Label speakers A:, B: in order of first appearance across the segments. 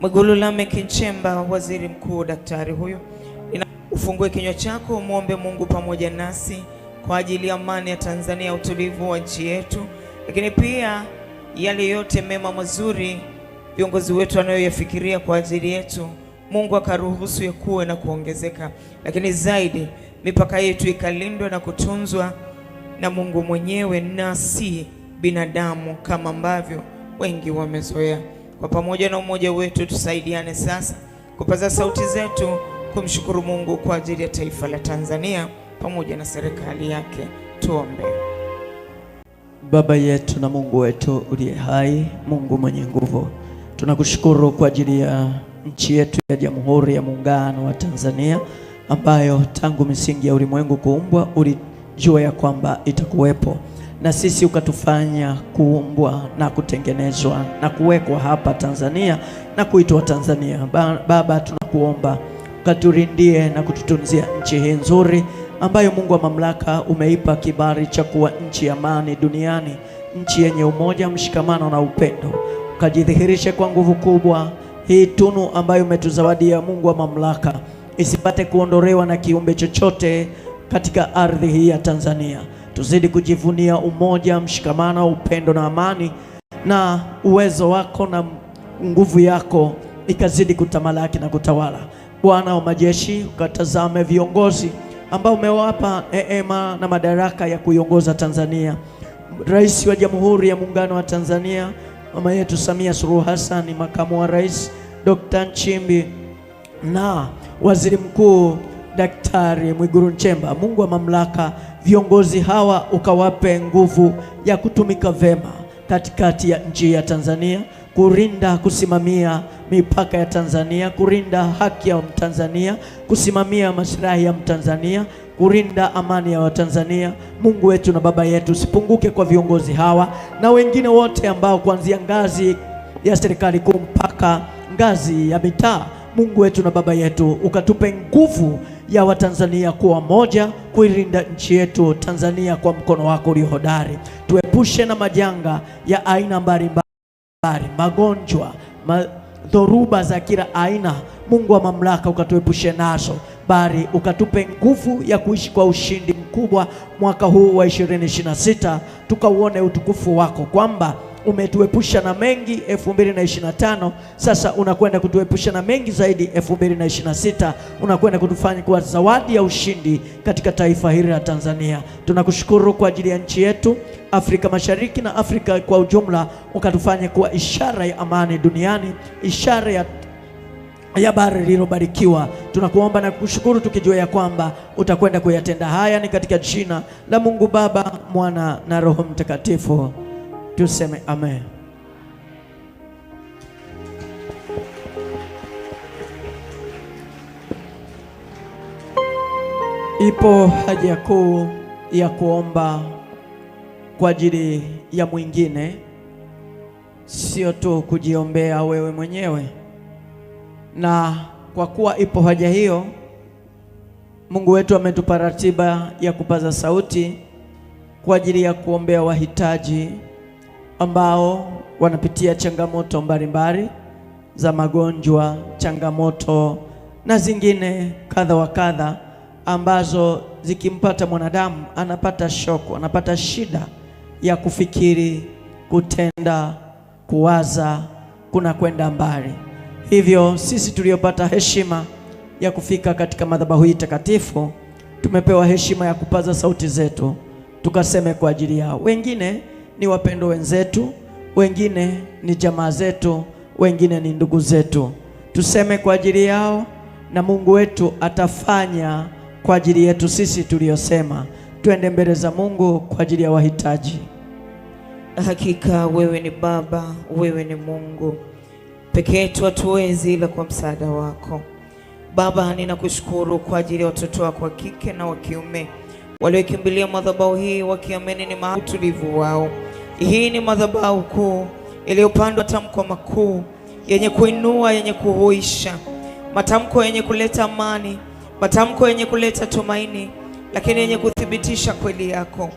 A: Mwigulu Lameck Nchemba, waziri mkuu daktari huyu, ufungue kinywa chako muombe Mungu pamoja nasi kwa ajili ya amani ya Tanzania, utulivu wa nchi yetu, lakini pia yale yote mema mazuri viongozi wetu wanayoyafikiria kwa ajili yetu, Mungu akaruhusu yakuwe na kuongezeka, lakini zaidi mipaka yetu ikalindwa na kutunzwa na Mungu mwenyewe na si binadamu kama ambavyo wengi wamezoea. Kwa pamoja na umoja wetu tusaidiane sasa kupaza sauti zetu kumshukuru Mungu kwa ajili ya taifa la Tanzania pamoja na serikali yake. Tuombe.
B: Baba yetu na Mungu wetu uliye hai, Mungu mwenye nguvu, tunakushukuru kwa ajili ya nchi yetu ya Jamhuri ya Muungano wa Tanzania ambayo tangu misingi ya ulimwengu kuumbwa ulijua ya kwamba itakuwepo na sisi ukatufanya kuumbwa na kutengenezwa na kuwekwa hapa Tanzania na kuitwa Tanzania. Ba, Baba tunakuomba ukaturindie na kututunzia nchi hii nzuri ambayo Mungu wa mamlaka umeipa kibali cha kuwa nchi ya amani duniani, nchi yenye umoja, mshikamano na upendo. Ukajidhihirishe kwa nguvu kubwa hii tunu ambayo umetuzawadia Mungu wa mamlaka, isipate kuondolewa na kiumbe chochote katika ardhi hii ya Tanzania. Tuzidi kujivunia umoja, mshikamano, upendo na amani, na uwezo wako na nguvu yako ikazidi kutamalaki na kutawala. Bwana wa majeshi, ukatazame viongozi ambao umewapa neema na madaraka ya kuiongoza Tanzania. Rais wa Jamhuri ya Muungano wa Tanzania mama yetu Samia Suluhu Hassan, makamu wa rais Dr. Nchimbi na waziri mkuu Daktari Mwiguru Nchemba, Mungu wa mamlaka, viongozi hawa ukawape nguvu ya kutumika vema katikati ya nchi ya Tanzania, kurinda kusimamia mipaka ya Tanzania, kurinda haki ya Mtanzania, kusimamia maslahi ya Mtanzania, kurinda amani ya Watanzania. Mungu wetu na Baba yetu, usipunguke kwa viongozi hawa na wengine wote ambao kuanzia ngazi ya serikali kuu mpaka ngazi ya mitaa. Mungu wetu na Baba yetu, ukatupe nguvu ya Watanzania kuwa moja, kuilinda nchi yetu Tanzania kwa mkono wako ulio hodari. Tuepushe na majanga ya aina mbalimbali, magonjwa, dhoruba za kila aina. Mungu wa mamlaka, ukatuepushe nazo, bali ukatupe nguvu ya kuishi kwa ushindi mkubwa mwaka huu wa 2026, tukauone utukufu wako kwamba umetuepusha na mengi 2025, sasa unakwenda kutuepusha na mengi zaidi 2026. Unakwenda kutufanya kuwa zawadi ya ushindi katika taifa hili la Tanzania. Tunakushukuru kwa ajili ya nchi yetu Afrika Mashariki na Afrika kwa ujumla, ukatufanya kuwa ishara ya amani duniani, ishara ya ya bara lililobarikiwa. Tunakuomba na kushukuru tukijua ya kwamba utakwenda kuyatenda haya, ni katika jina la Mungu Baba, Mwana na Roho Mtakatifu. Tuseme amen. Ipo haja kuu ya kuomba kwa ajili ya mwingine, sio tu kujiombea wewe mwenyewe. Na kwa kuwa ipo haja hiyo, Mungu wetu ametupa ratiba ya kupaza sauti kwa ajili ya kuombea wahitaji ambao wanapitia changamoto mbalimbali za magonjwa, changamoto na zingine kadha wa kadha ambazo zikimpata mwanadamu anapata shoko, anapata shida ya kufikiri, kutenda, kuwaza, kuna kwenda mbali. Hivyo sisi tuliopata heshima ya kufika katika madhabahu hii takatifu tumepewa heshima ya kupaza sauti zetu tukaseme kwa ajili yao wengine ni wapendo wenzetu, wengine ni jamaa zetu, wengine ni ndugu zetu. Tuseme kwa ajili yao, na Mungu wetu atafanya kwa ajili yetu sisi tuliyosema. Twende mbele za Mungu kwa ajili ya wahitaji.
A: Hakika wewe ni Baba, wewe ni Mungu peke yetu, hatuwezi ila kwa msaada wako Baba. Ninakushukuru kwa ajili ya watoto wako wa kike na wa kiume waliokimbilia madhabahu hii wakiamini ni mahali utulivu wao. Hii ni madhabahu kuu iliyopandwa matamko makuu yenye kuinua, yenye kuhuisha, matamko yenye kuleta amani, matamko yenye kuleta tumaini, lakini yenye kuthibitisha kweli yako.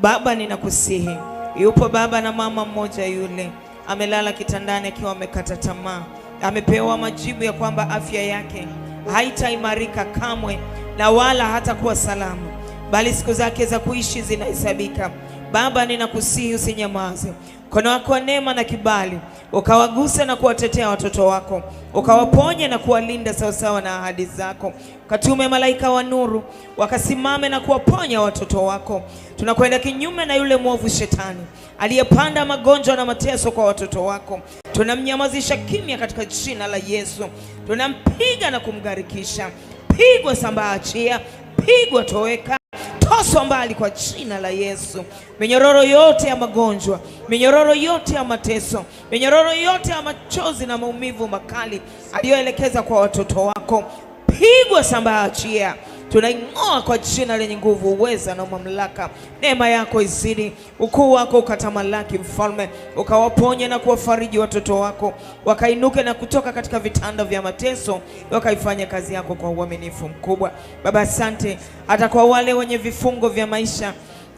A: Baba, ninakusihi, yupo baba na mama mmoja yule amelala kitandani akiwa amekata tamaa, amepewa majibu ya kwamba afya yake haitaimarika kamwe na wala hatakuwa salama bali siku zake za kuishi zinahesabika. Baba, ninakusihi usinyamaze, mkono wako wa neema na kibali ukawagusa na kuwatetea watoto wako, ukawaponya na kuwalinda sawasawa na ahadi zako. Ukatume malaika wa nuru wakasimame na kuwaponya watoto wako. Tunakwenda kinyume na yule mwovu Shetani aliyepanda magonjwa na mateso kwa watoto wako, tunamnyamazisha kimya katika jina la Yesu. Tunampiga na kumgharikisha. Pigwa sambaa, achia. Pigwa toweka unafutwa mbali kwa jina la Yesu. Minyororo yote ya magonjwa, minyororo yote ya mateso, minyororo yote ya machozi na maumivu makali aliyoelekeza kwa watoto wako, pigwa sambaa, achia tunaing'oa kwa jina lenye nguvu, uweza na mamlaka. Neema yako izidi, ukuu wako ukatamalaki, Mfalme, ukawaponye na kuwafariji watoto wako, wakainuke na kutoka katika vitanda vya mateso, wakaifanya kazi yako kwa uaminifu mkubwa. Baba, asante hata kwa wale wenye vifungo vya maisha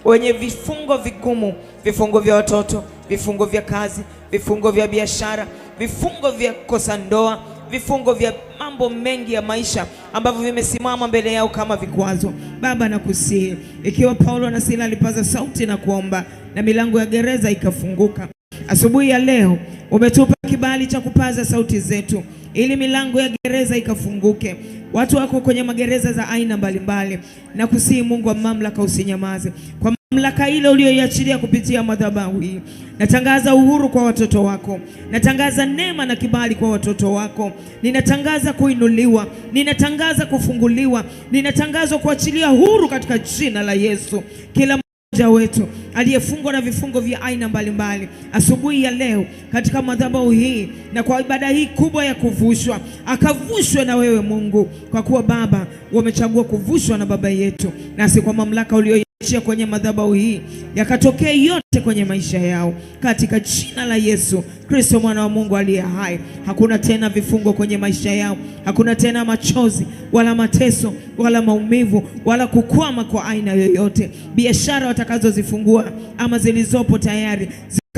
A: wenye vifungo vigumu, vifungo vya watoto, vifungo vya kazi, vifungo vya biashara, vifungo vya kosa ndoa vifungo vya mambo mengi ya maisha ambavyo vimesimama mbele yao kama vikwazo. Baba, nakusihi, ikiwa Paulo na Sila alipaza sauti na kuomba na milango ya gereza ikafunguka, asubuhi ya leo umetupa kibali cha kupaza sauti zetu ili milango ya gereza ikafunguke. Watu wako kwenye magereza za aina mbalimbali, na kusii Mungu wa mamlaka usinyamaze kwa Mamlaka ile uliyoiachilia kupitia madhabahu hii, natangaza uhuru kwa watoto wako, natangaza neema na kibali kwa watoto wako, ninatangaza kuinuliwa, ninatangaza kufunguliwa, ninatangaza kuachilia huru katika jina la Yesu. Kila mmoja wetu aliyefungwa na vifungo vya aina mbalimbali, asubuhi ya leo katika madhabahu hii na kwa ibada hii kubwa ya kuvushwa, akavushwe na wewe Mungu, kwa kuwa Baba wamechagua kuvushwa na baba yetu, nasi kwa mamlaka ulio a kwenye madhabahu hii yakatokea yote kwenye maisha yao katika jina la Yesu Kristo mwana wa Mungu aliye hai. Hakuna tena vifungo kwenye maisha yao, hakuna tena machozi wala mateso wala maumivu wala kukwama kwa aina yoyote. Biashara watakazozifungua ama zilizopo tayari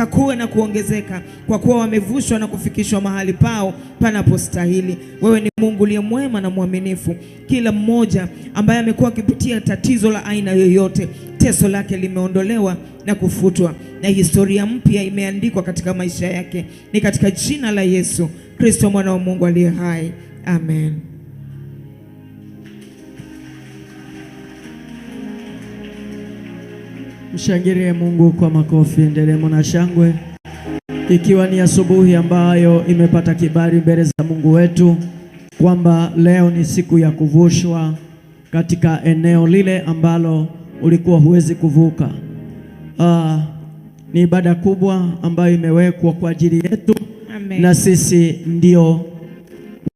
A: kakuwe na kuongezeka, kwa kuwa wamevushwa na kufikishwa mahali pao panapostahili. Wewe ni Mungu uliye mwema na mwaminifu. Kila mmoja ambaye amekuwa akipitia tatizo la aina yoyote, teso lake limeondolewa na kufutwa na historia mpya imeandikwa katika maisha yake, ni katika jina la Yesu Kristo mwana wa Mungu aliye hai, amen.
B: Mshangilie Mungu kwa makofi, nderemo na shangwe, ikiwa ni asubuhi ambayo imepata kibali mbele za Mungu wetu kwamba leo ni siku ya kuvushwa katika eneo lile ambalo ulikuwa huwezi kuvuka. Uh, ni ibada kubwa ambayo imewekwa kwa ajili yetu. Amen. Na sisi ndio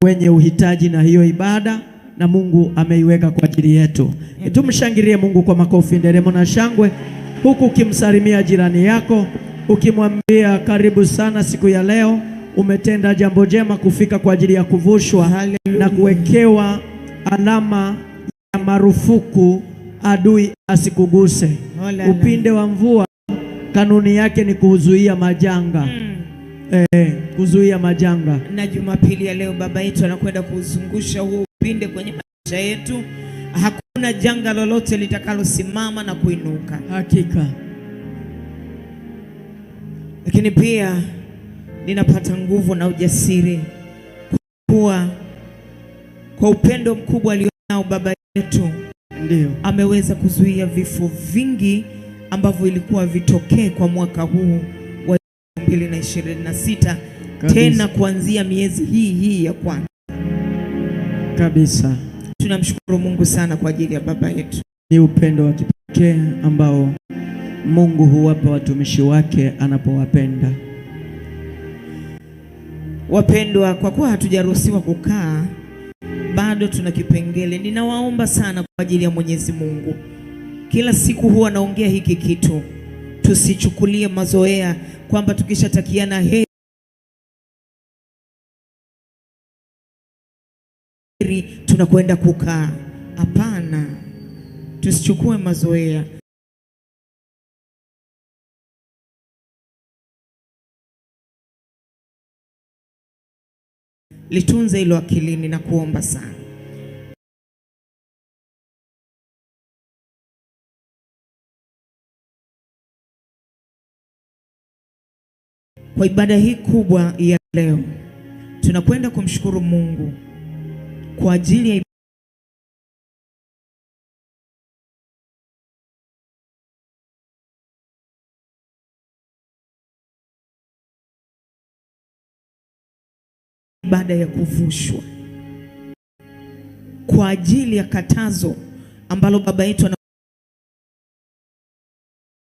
B: wenye uhitaji na hiyo ibada na Mungu ameiweka kwa ajili yetu. Tumshangilie Mungu kwa makofi nderemo na shangwe huku ukimsalimia jirani yako, ukimwambia karibu sana siku ya leo, umetenda jambo jema kufika kwa ajili ya kuvushwa na kuwekewa alama ya marufuku adui asikuguse. Olala. Upinde wa mvua kanuni yake ni kuzuia majanga hmm. Eh, kuzuia majanga.
A: Na Jumapili ya leo Baba yetu anakwenda kuzungusha huo upinde kwenye maisha yetu Hakuna janga lolote litakalosimama na kuinuka. Hakika. Lakini pia ninapata nguvu na ujasiri kuwa kwa upendo mkubwa alionao Baba yetu ndio ameweza kuzuia vifo vingi ambavyo ilikuwa vitokee kwa mwaka huu wa 2026 tena kuanzia miezi hii hii ya kwanza kabisa. Tunamshukuru Mungu sana kwa ajili ya baba yetu.
B: Ni upendo wa kipekee ambao Mungu huwapa watumishi wake anapowapenda.
A: Wapendwa, kwa kuwa hatujaruhusiwa kukaa, bado tuna kipengele. Ninawaomba sana kwa ajili ya Mwenyezi Mungu. Kila siku huwa naongea hiki kitu, tusichukulie mazoea kwamba tukishatakiana heri tunafikiri tunakwenda kukaa. Hapana, tusichukue mazoea. Litunze hilo akilini na kuomba sana. Kwa ibada hii kubwa ya leo, tunakwenda kumshukuru Mungu kwa ajili ya ibada ya kuvushwa, kwa ajili ya katazo ambalo baba yetu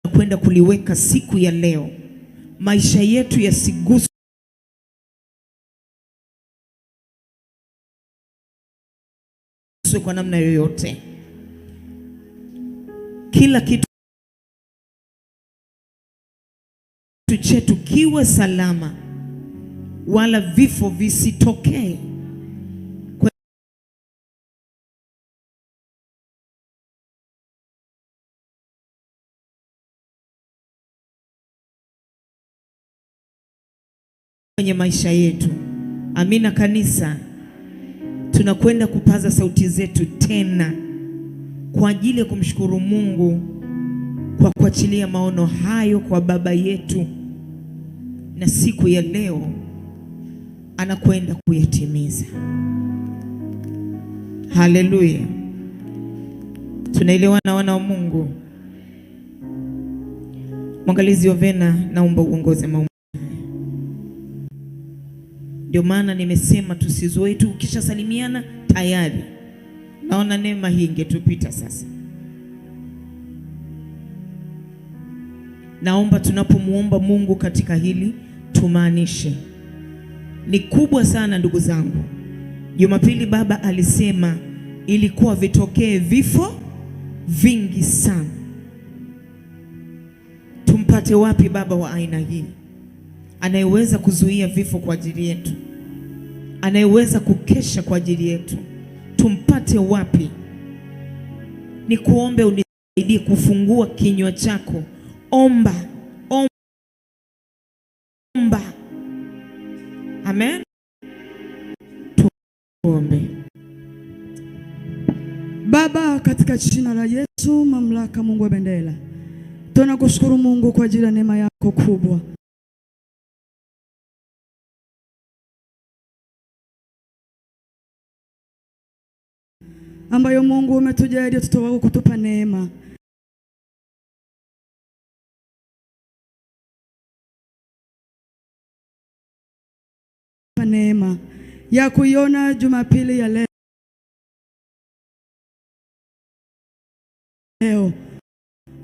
A: anakwenda kuliweka siku ya leo, maisha yetu yasiguswe usiupuuze kwa namna yoyote. Kila kitu chetu kiwe salama, wala vifo visitokee kwenye maisha yetu. Amina kanisa tunakwenda kupaza sauti zetu tena kwa ajili ya kumshukuru Mungu kwa kuachilia maono hayo kwa baba yetu, na siku ya leo anakwenda kuyatimiza. Haleluya, tunaelewana wana wa Mungu. Mwangalizi wa Vena, naomba uongoze maombi. Ndio maana nimesema tusizoe tu, ukishasalimiana tayari. Naona neema hii ingetupita sasa. Naomba tunapomwomba Mungu katika hili tumaanishe. Ni kubwa sana ndugu zangu. Jumapili baba alisema ilikuwa vitokee vifo vingi sana. Tumpate wapi baba wa aina hii? anayeweza kuzuia vifo kwa ajili yetu, anayeweza kukesha kwa ajili yetu, tumpate wapi? Ni kuombe unisaidie kufungua kinywa chako, omba, omba, Amen, tuombe. Baba, katika jina la Yesu mamlaka, Mungu wa bendera, tunakushukuru Mungu kwa ajili ya neema yako kubwa. ambayo Mungu umetujalia watoto wako kutupa neema. neema ya kuiona Jumapili ya leo. Leo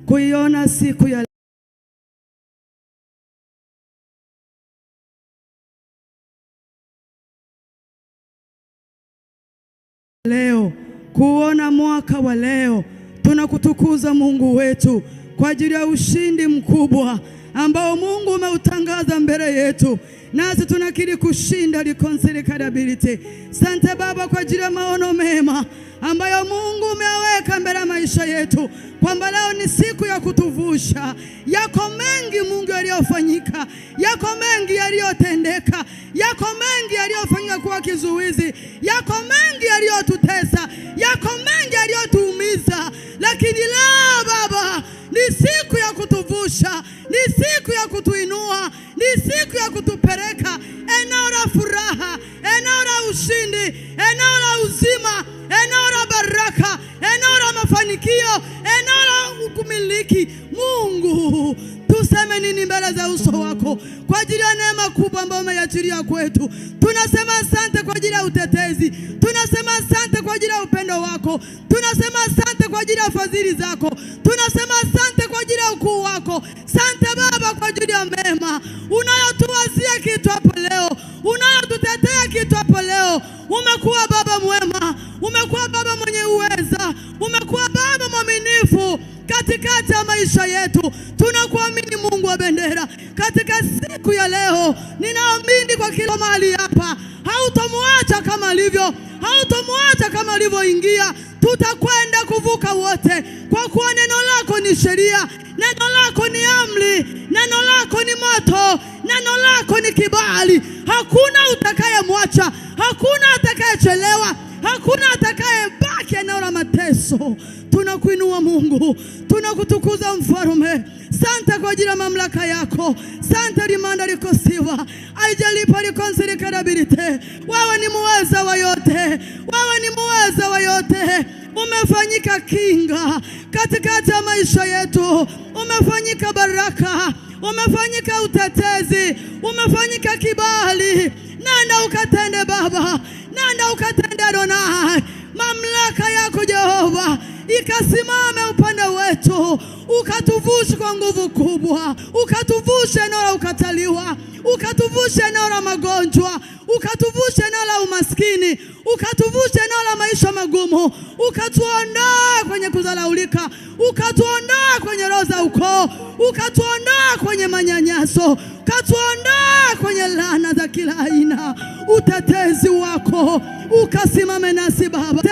A: kuiona siku ya leo kuona mwaka wa leo. Tunakutukuza Mungu wetu kwa ajili ya ushindi mkubwa ambao Mungu umeutangaza mbele yetu, nasi tunakiri kushinda. Sante Baba kwa ajili ya maono mema ambayo Mungu umeweka mbele ya maisha yetu, kwamba leo ni siku ya kutuvusha. Yako mengi Mungu yaliyofanyika, yako mengi yaliyotendeka, yako mengi yaliyofanyika kuwa kizuizi, yako mengi yaliyotutesa, yako mengi yaliyotuumiza, lakini leo Baba ni siku ya kutuvusha, ni siku ya kutuinua, ni siku ya kutupeleka eneo la furaha, eneo la ushindi, eneo la uzima mafanikio, eneo ukumiliki. Mungu tuseme nini mbele za uso wako kwa ajili ya neema kubwa ambayo umeiachilia kwetu? Tunasema asante kwa ajili ya utetezi, tunasema asante kwa ajili ya upendo wako, tunasema asante kwa ajili ya fadhili zako, tunasema asante kwa ajili ya ukuu wako. Sante Baba kwa ajili ya mema unayotuwazia kitu hapo leo, unayotutetea kitu hapo leo. Umekuwa Baba mwema, umekuwa katikati ya maisha yetu. Tunakuamini Mungu wa bendera, katika siku ya leo ninaamini kwa kila mahali hapa hautomwacha kama alivyo, hautomwacha kama alivyoingia. Tutakwenda kuvuka wote, kwa kuwa neno lako ni sheria, neno lako ni amri, neno lako ni moto, neno lako ni kibali. Hakuna mateso. Tunakuinua Mungu, tunakutukuza mfarume. Santa kwa ajili ya mamlaka yako. Santa rimanda likosiwa aijalipa likonsilikadabilite. Wewe ni muweza wa yote, wewe ni muweza wa yote. Umefanyika kinga katikati ya maisha yetu, umefanyika baraka, umefanyika utetezi, umefanyika kibali. Nenda ukatende Baba, nenda ukatende Adonai ikasimame upande wetu, ukatuvushe kwa nguvu kubwa, ukatuvushe eneo la ukataliwa, ukatuvushe eneo la magonjwa, ukatuvushe eneo la umaskini, ukatuvushe eneo la maisha magumu, ukatuondoa kwenye kudhalaulika, ukatuondoa kwenye roho za ukoo, ukatuondoa kwenye manyanyaso, ukatuondoa kwenye laana za kila aina. Utetezi wako ukasimame nasi Baba.